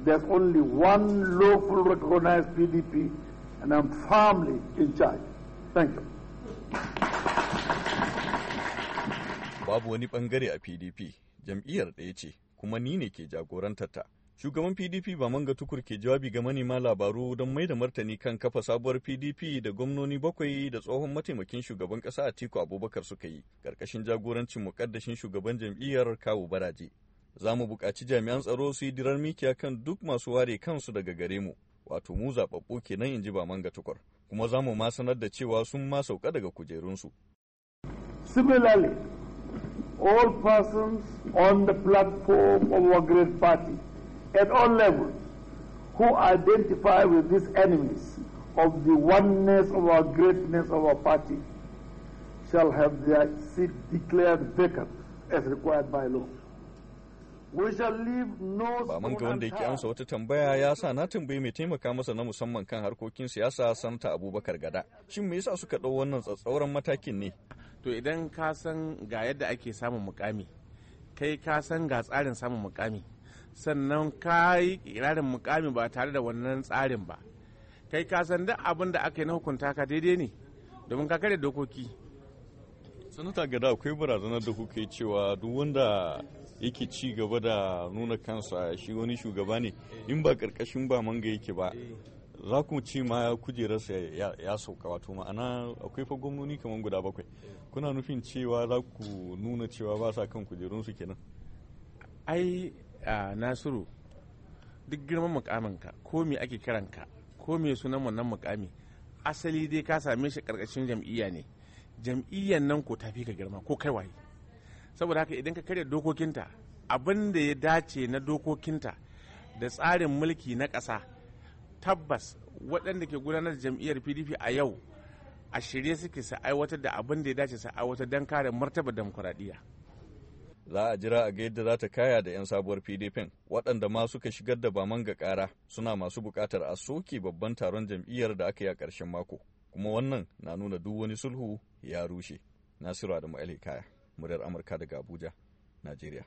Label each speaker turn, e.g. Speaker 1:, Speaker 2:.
Speaker 1: there's only one local recognized PDP, and I'm firmly in charge. Thank you.
Speaker 2: Babu wani bangare a PDP, jam'iyyar ɗaya ce, kuma ni ne ke jagorantarta. Shugaban PDP ba manga tukur ke jawabi ga manema labaru don mai da martani kan kafa sabuwar PDP da gwamnoni bakwai da tsohon mataimakin shugaban ƙasa Atiku Abubakar suka yi, ƙarƙashin jagorancin muƙaddashin shugaban jam'iyyar Kawu Baraje. za mu buƙaci jami'an tsaro su yi dirar mikiya kan duk masu ware kansu daga gare mu wato mu zaɓaɓɓu kenan in ji ba manga tukur kuma za mu ma sanar da cewa sun ma sauka daga kujerunsu.
Speaker 1: Similarly, all persons on the platform of our great party at all levels who identify with these enemies of the oneness of our greatness of our party shall have their seat declared vacant as required by law. Ba man ga wanda yake amsa
Speaker 2: wata tambaya ya sa na tambayi mai taimaka masa na musamman kan harkokin siyasa sanata Abubakar
Speaker 3: Gada. Shin me yasa suka ɗau wannan tsatsauran matakin ne? To idan ka san ga yadda ake samun mukami, kai ka san ga tsarin samun mukami, sannan ka yi kirarin mukami ba tare da wannan tsarin ba. Kai ka san duk abin da aka yi na hukunta ka daidai ne, domin ka kare dokoki. sanata gada akwai barazanar
Speaker 2: da kuka yi cewa duk wanda yake ci gaba da nuna kansa shi wani shugaba ne in ba karkashin ba manga yake ba za ku ci ma kujerarsa ya sauka wato ma'ana akwai fa gwamnoni kamar guda bakwai kuna nufin cewa za ku
Speaker 3: nuna cewa ba sa kan kujerunsu kenan ai nasiru duk girman mukaminka ko me ake kiranka ko me sunan wannan mukami asali dai ka same shi karkashin jam'iyya ne jam'iyyar nan ko fi ka girma ko kai waye saboda haka idan ka karya dokokinta abin da ya dace na dokokinta da tsarin mulki na ƙasa tabbas waɗanda ke gudanar da jam'iyyar pdp a yau a shirye suke su aiwatar da abin da ya dace su aiwatar don kare martaba demokuraɗiyya za a jira a ga yadda za ta kaya da 'yan sabuwar pdp waɗanda ma suka
Speaker 2: shigar da baman ga ƙara suna masu buƙatar a soke babban taron jam'iyyar da aka yi a ƙarshen mako kuma wannan na nuna duk wani sulhu ya rushe nasiru adamu alhikaya muryar amurka daga abuja najeriya